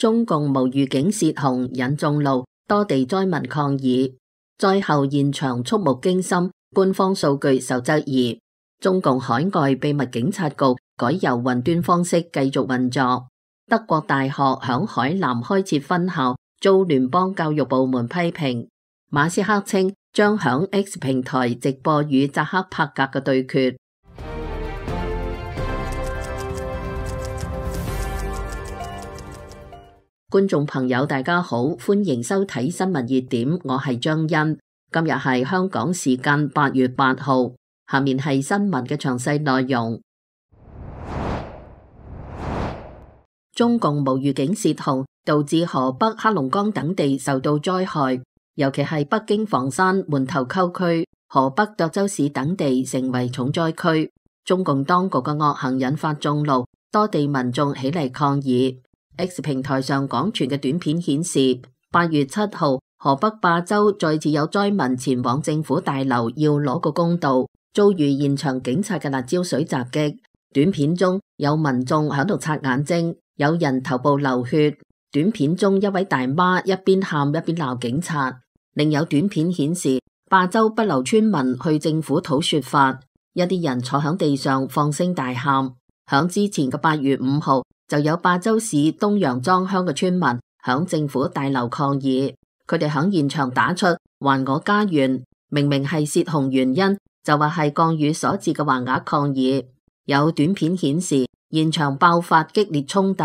中共無預警洩洪引眾怒，多地災民抗議。災後現場觸目驚心，官方數據受質疑。中共海外秘密警察局改由雲端方式繼續運作。德國大學響海南開設分校遭聯邦教育部門批評。馬斯克稱將響 X 平台直播與扎克伯格嘅對決。觀眾朋友，大家好，歡迎收睇新聞熱點，我係張恩。今日係香港時間八月八號，下面係新聞嘅詳細內容。 中共無預警洩洪，導致河北、黑龍江等地受到災害，尤其係北京房山、門頭溝區、河北涿州市等地成為重災區。中共當局嘅惡行引發眾怒，多地民眾起嚟抗議。X 平台上廣傳嘅短片顯示，八月七號河北霸州再次有災民前往政府大樓要攞個公道，遭遇現場警察嘅辣椒水襲擊。短片中有民眾喺度擦眼睛，有人頭部流血。短片中一位大媽一邊喊一邊鬧警察。另有短片顯示，霸州不留村民去政府討說法，一啲人坐喺地上放聲大喊。響之前嘅八月五號，就有霸州市東楊莊鄉嘅村民響政府大樓抗議，佢哋響現場打出還我家園，明明係洩洪原因就話係降雨所致嘅橫額抗議。有短片顯示，現場爆發激烈衝突，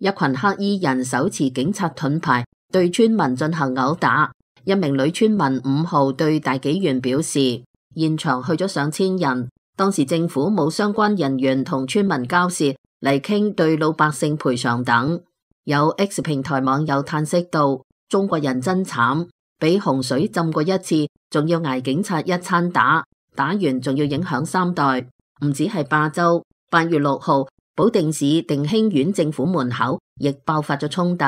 一群黑衣人手持警察盾牌對村民進行毆打。一名女村民五號對大紀元表示，現場去咗上千人，當時政府冇相關人員同村民交涉。嚟傾對老百姓賠償等，有 X 平台網友嘆息道：中國人真慘，俾洪水浸過一次，仲要挨警察一餐打，打完仲要影響三代。唔止係霸州，八月六號保定市定興縣政府門口亦爆發咗衝突。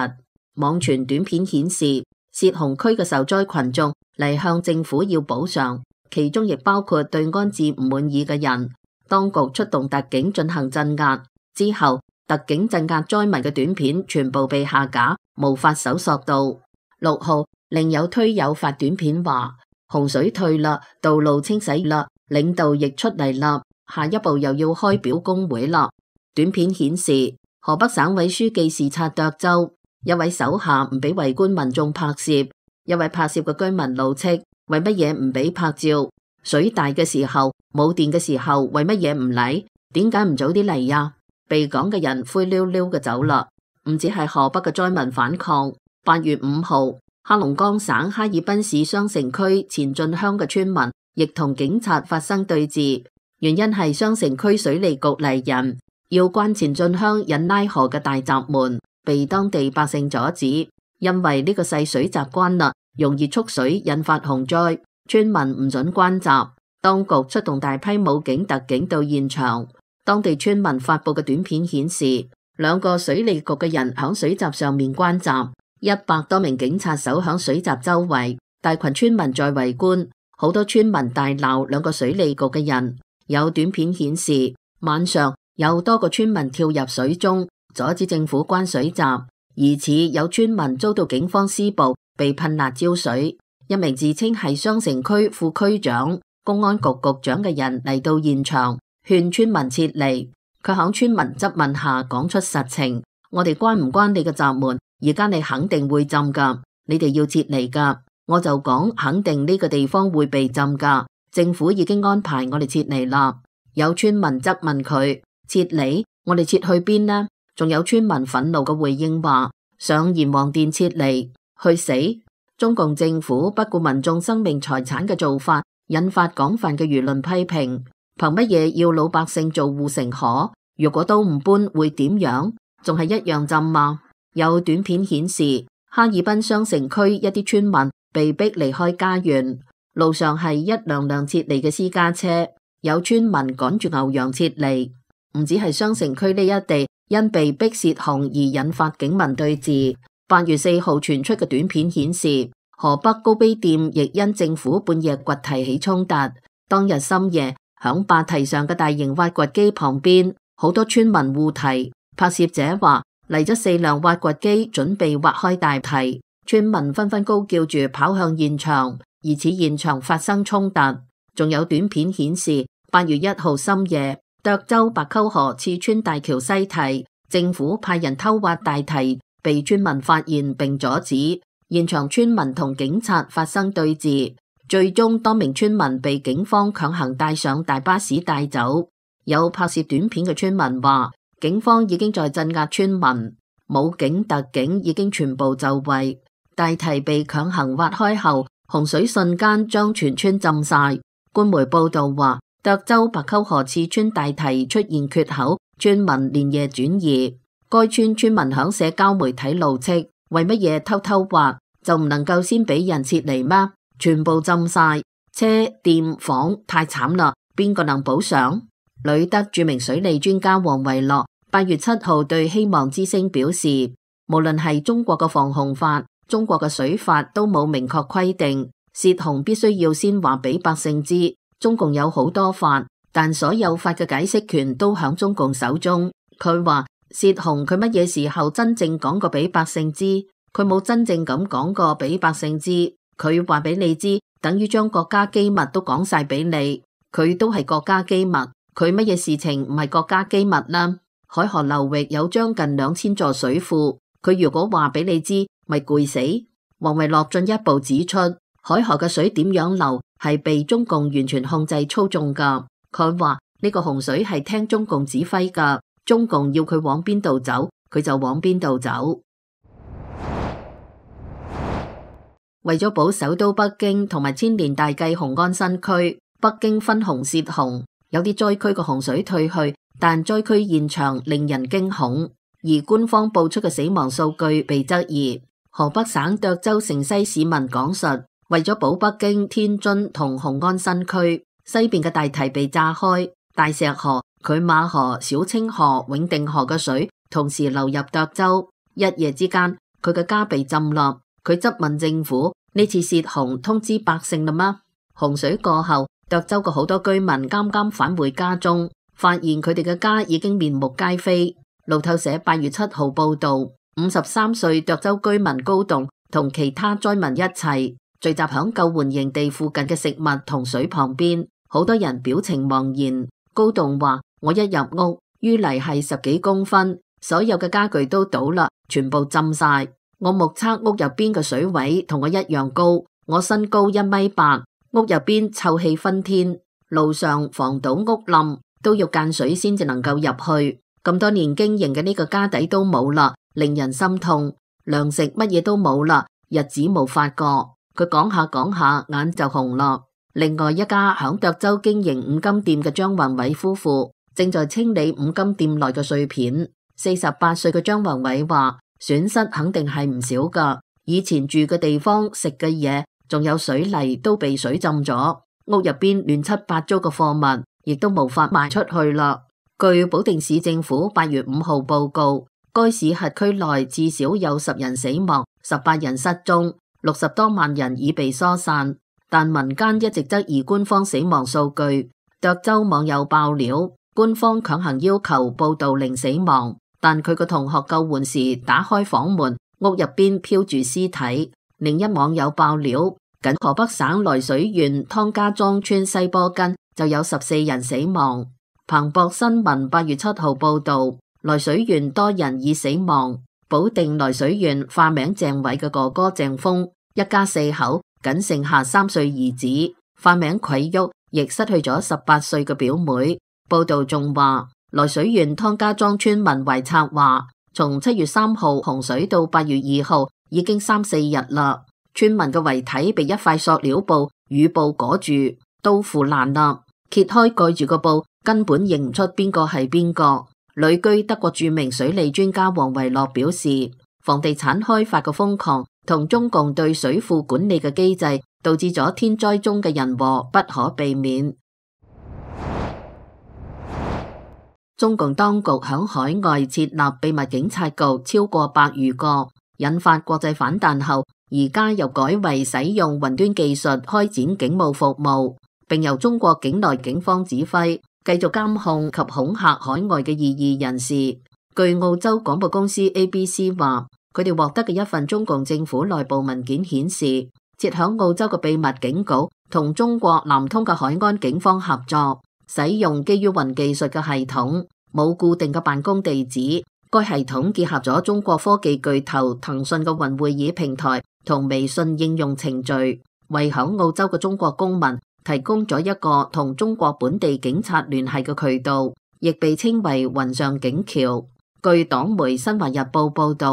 網傳短片顯示，涉洪區嘅受災群眾嚟向政府要補償，其中亦包括對安置唔滿意嘅人，當局出動特警進行鎮壓。之後特警鎮壓災民嘅短片全部被下架，無法搜索到。六號另有推友發短片話：洪水退啦，道路清洗啦，領導亦出嚟啦。下一步又要開表工會啦。短片顯示河北省委書記視察涿州，一位手下唔俾圍觀民眾拍攝，一位拍攝嘅居民怒斥：為乜嘢唔俾拍照？水大嘅時候，冇電嘅時候，為乜嘢唔嚟？點解唔早啲嚟呀？被趕嘅人灰溜溜嘅走啦，唔止係河北嘅災民反抗。八月五號，黑龍江省哈爾濱市雙城區前進鄉嘅村民亦同警察發生對峙，原因係雙城區水利局嚟人要關前進鄉引拉河嘅大閘門，被當地百姓阻止，因為呢個細水閘關啦，容易蓄水引發洪災，村民唔準關閘，當局出動大批武警特警到現場。當地村民發佈嘅短片顯示，兩個水利局嘅人喺水閘上面關閘，一百多名警察守喺水閘周圍，大群村民在圍觀，好多村民大罵兩個水利局嘅人。有短片顯示，晚上有多個村民跳入水中阻止政府關水閘，疑似有村民遭到警方施暴，被噴辣椒水。一名自稱係雙城區副區長、公安局局長嘅人嚟到現場。勸村民撤離，佢喺村民質問下講出實情。我哋關唔關你嘅閘門？而家你肯定會浸噶，你哋要撤離噶。我就講肯定呢個地方會被浸噶。政府已經安排我哋撤離啦。有村民質問佢撤離，我哋撤去邊呢？仲有村民憤怒嘅回應話上閻王殿撤離，去死！中共政府不顧民眾生命財產嘅做法，引發廣泛嘅輿論批評。憑乜嘢要老百姓做護城河？如果都唔搬，會點樣？仲係一樣浸嗎？有短片顯示，哈爾濱雙城區一啲村民被逼離開家園，路上係一輛輛撤離嘅私家車，有村民趕住牛羊撤離。唔止係雙城區呢一地，因被逼洩洪而引發警民對峙。八月四號傳出嘅短片顯示，河北高碑店亦因政府半夜掘堤起衝突。當日深夜。響壩堤上嘅大型挖掘機旁邊，好多村民護堤。拍攝者話嚟咗四輛挖掘機準備挖開大堤，村民紛紛高叫住跑向現場，疑似現場發生衝突。仲有短片顯示，八月一號深夜，涿州白溝河刺穿大橋西堤，政府派人偷挖大堤，被村民發現並阻止，現場村民同警察發生對峙。最終多名村民被警方強行帶上大巴士帶走。有拍攝短片嘅村民話：警方已經在鎮壓村民，武警、特警已經全部就位。大堤被強行挖開後，洪水瞬間將全村浸晒。官媒報道話，德州白溝河次村大堤出現缺口，村民連夜轉移。該村村民響社交媒體怒斥：為乜嘢偷偷挖，就唔能夠先俾人撤離嗎？全部浸曬車店房，太慘啦！邊個能補上？旅德著名水利專家王維洛八月七號對希望之聲表示：無論係中國嘅防洪法、中國嘅水法都沒，都冇明確規定泄洪必須要先話俾百姓知。中共有好多法，但所有法嘅解釋權都喺中共手中。佢話泄洪佢乜嘢時候真正講過俾百姓知？佢冇真正咁講過俾百姓知。佢話俾你知，等於將國家機密都講晒俾你。佢都係國家機密，佢乜嘢事情唔係國家機密啦？海河流域有將近兩千座水庫，佢如果話俾你知，咪攰死。王維洛進一步指出，海河嘅水點樣流，係被中共完全控制操縱噶。佢話呢個洪水係聽中共指揮噶，中共要佢往邊度走，佢就往邊度走。為咗保首都北京同埋千年大計雄安新區，北京分洪泄洪，有啲災區個洪水退去，但災區現場令人驚恐，而官方報出嘅死亡數據被質疑。河北省涿州城西市民講述：為咗保北京、天津同雄安新區，西邊嘅大堤被炸開，大石河、拒馬河、小清河、永定河嘅水同時流入涿州，一夜之間佢嘅家被浸落。佢質問政府：呢次洩洪通知百姓了嗎？洪水過後，涿州嘅好多居民啱啱返回家中，發現佢哋嘅家已經面目皆非。路透社八月七號報道：五十三歲涿州居民高棟同其他災民一齊聚集響救援營地附近嘅食物同水旁邊，好多人表情茫然。高棟話：我一入屋，淤泥係十幾公分，所有嘅家具都倒啦，全部浸晒。我目測屋入邊嘅水位同我一樣高，我身高一米八，屋入邊臭氣燻天，路上房倒屋冧都要間水先就能夠入去。咁多年經營嘅呢個家底都冇啦，令人心痛。糧食乜嘢都冇啦，日子冇法過。佢講下講下眼就紅啦。另外一家響德州經營五金店嘅張宏偉夫婦正在清理五金店內嘅碎片。四十八歲嘅張宏偉話。損失肯定係唔少噶，以前住嘅地方、食嘅嘢，仲有水泥都被水浸咗，屋入邊亂七八糟嘅貨物亦都無法賣出去啦。據保定市政府八月五號報告，該市轄區內至少有十人死亡，十八人失蹤，六十多萬人已被疏散，但民間一直質疑官方死亡數據。涿州網友爆料，官方強行要求報道零死亡。但佢個同學救援時打開房門，屋入邊飄住屍體。另一網友爆料，僅河北省涞水縣湯家莊村西坡根就有十四人死亡。彭博新聞八月七號報道，涞水縣多人已死亡。保定涞水縣化名鄭偉嘅哥哥鄭峰一家四口僅剩下三歲兒子，化名葵旭亦失去咗十八歲嘅表妹。報道仲話。淶水縣湯家莊村民維策話：從七月三號洪水到八月二號，已經三四日啦。村民嘅遺體被一塊塑料布雨布裹住，都腐爛啦。揭開蓋住個布，根本認唔出邊個係邊個。旅居德國著名水利專家王維洛表示：房地產開發嘅瘋狂同中共對水庫管理嘅機制，導致咗天災中嘅人禍不可避免。中共當局響海外設立秘密警察局超過百餘個，引發國際反彈後，而家又改為使用雲端技術開展警務服務，並由中國境內警方指揮，繼續監控及恐嚇海外嘅異議人士。據澳洲廣播公司 ABC 話，佢哋獲得嘅一份中共政府內部文件顯示，設響澳洲嘅秘密警局同中國南通嘅海安警方合作。使用基於雲技術嘅系統，冇固定嘅辦公地址。該系統結合咗中國科技巨頭騰訊嘅雲會議平台同微信應用程序，為響澳洲嘅中國公民提供咗一個同中國本地警察聯繫嘅渠道，亦被稱為雲上警橋。據黨媒《新華日報》報道，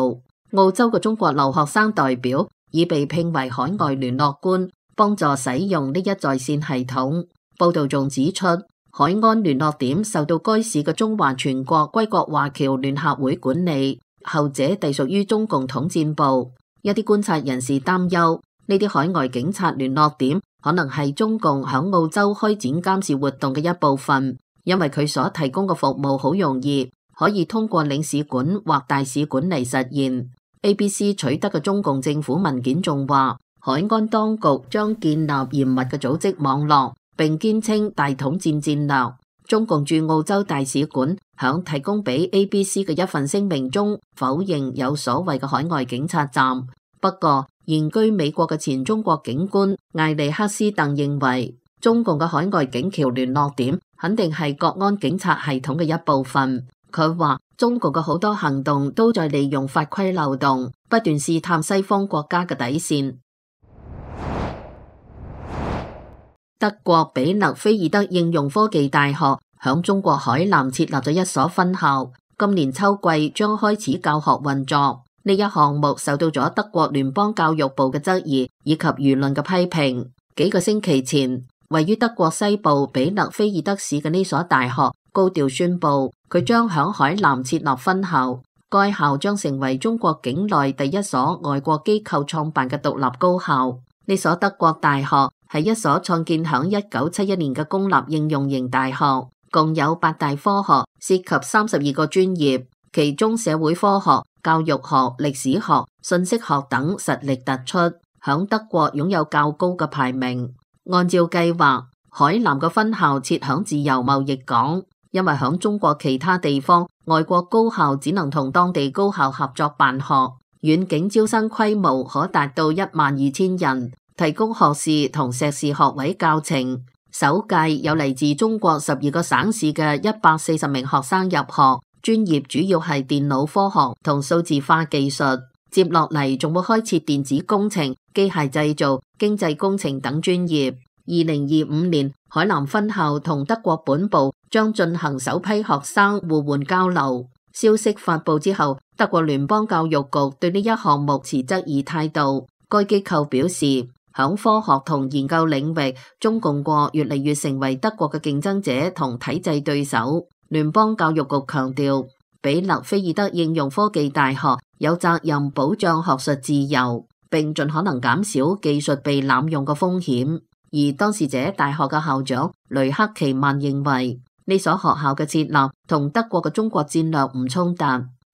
澳洲嘅中國留學生代表已被聘為海外聯絡官，幫助使用呢一在綫系統，報道仲指出。海安聯絡點受到該市嘅中華全國歸國華僑聯合會管理，後者隸屬於中共統戰部。一啲觀察人士擔憂，呢啲海外警察聯絡點可能係中共響澳洲開展監視活動嘅一部分，因為佢所提供嘅服務好容易可以通過領事館或大使館嚟實現。ABC 取得嘅中共政府文件仲話，海安當局將建立嚴密嘅組織網絡。並堅稱大統戰戰略。中共駐澳洲大使館響提供俾 ABC 嘅一份聲明中否認有所謂嘅海外警察站。不過，現居美國嘅前中國警官艾利克斯鄧認為，中共嘅海外警橋聯絡點肯定係國安警察系統嘅一部分。佢話中共嘅好多行動都在利用法規漏洞，不斷試探西方國家嘅底線。德國比勒菲爾德應用科技大學響中國海南設立咗一所分校，今年秋季將開始教學運作。呢一項目受到咗德國聯邦教育部嘅質疑以及輿論嘅批評。幾個星期前，位於德國西部比勒菲爾德市嘅呢所大學高調宣布，佢將響海南設立分校。該校將成為中國境內第一所外國機構創辦嘅獨立高校。呢所德國大學，係一所創建響一九七一年嘅公立應用型大學，共有八大科學，涉及三十二個專業，其中社會科學、教育學、歷史學、信息學等實力突出，響德國擁有較高嘅排名。按照計劃，海南嘅分校設響自由貿易港，因為響中國其他地方，外國高校只能同當地高校合作辦學，遠景招生規模可達到一萬二千人。提供學士同碩士學位教程，首屆有嚟自中國十二個省市嘅一百四十名學生入學，專業主要係電腦科學同數字化技術。接落嚟仲會開設電子工程、機械製造、經濟工程等專業。二零二五年，海南分校同德國本部將進行首批學生互換交流。消息發布之後，德國聯邦教育局對呢一項目持質疑態度。該機構表示：響科學同研究領域，中共國越嚟越成為德國嘅競爭者同體制對手。聯邦教育局強調，比勒菲爾德應用科技大學有責任保障學術自由，並盡可能減少技術被濫用嘅風險。而當事者大學嘅校長雷克奇曼認為，呢所學校嘅設立同德國嘅中國戰略唔衝突。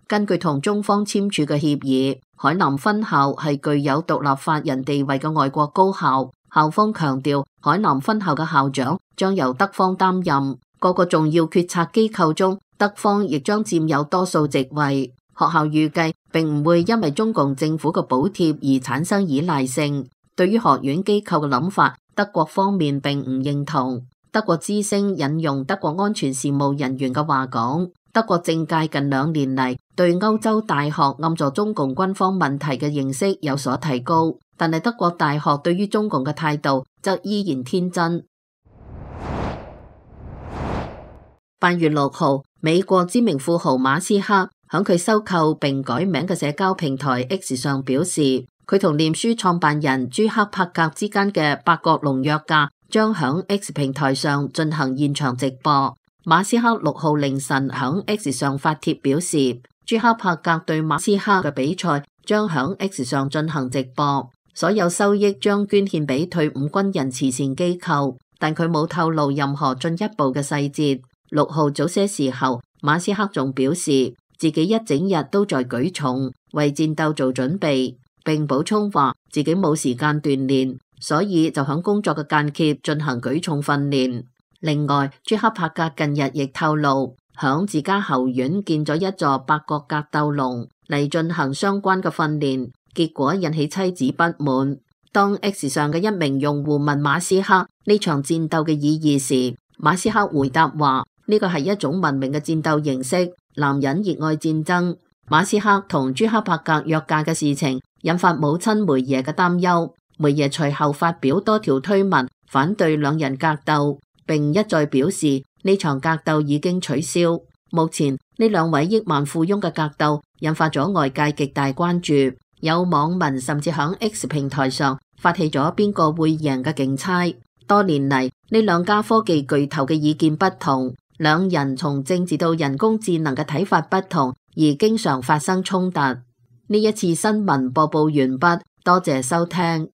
根據同中方簽署嘅協議，海南分校係具有獨立法人地位嘅外國高校。校方強調，海南分校嘅校長將由德方擔任，各個重要決策機構中，德方亦將佔有多數席位。學校預計並唔會因為中共政府嘅補貼而產生依賴性。對於學院機構嘅諗法，德國方面並唔認同。德國之聲引用德國安全事務人員嘅話講。德國政界近兩年嚟對歐洲大學暗助中共軍方問題嘅認識有所提高，但係德國大學對於中共嘅態度則依然天真。八月六號，美國知名富豪馬斯克響佢收購並改名嘅社交平台 X 上表示，佢同臉書創辦人朱克伯格之間嘅八角籠約架將響 X 平台上進行現場直播。馬斯克六號凌晨響 X 上發帖表示，朱克伯格對馬斯克嘅比賽將響 X 上進行直播，所有收益將捐獻俾退伍軍人慈善機構，但佢冇透露任何進一步嘅細節。六號早些時候，馬斯克仲表示自己一整日都在舉重，為戰鬥做準備，並補充話自己冇時間鍛煉，所以就響工作嘅間歇進行舉重訓練。另外，朱克伯格近日亦透露，響自家後院建咗一座八角格鬥籠嚟進行相關嘅訓練，結果引起妻子不滿。當 X 上嘅一名用戶問馬斯克呢場戰鬥嘅意義時，馬斯克回答話，呢個係一種文明嘅戰鬥形式。男人熱愛戰爭。馬斯克同朱克伯格約架嘅事情引發母親梅耶嘅擔憂。梅耶隨後發表多條推文反對兩人格鬥。並一再表示呢場格鬥已經取消。目前呢兩位億萬富翁嘅格鬥引發咗外界極大關注，有網民甚至喺 X 平台上發起咗邊個會贏嘅競猜。多年嚟呢兩家科技巨頭嘅意見不同，兩人從政治到人工智能嘅睇法不同，而經常發生衝突。呢一次新聞播報完畢，多謝收聽。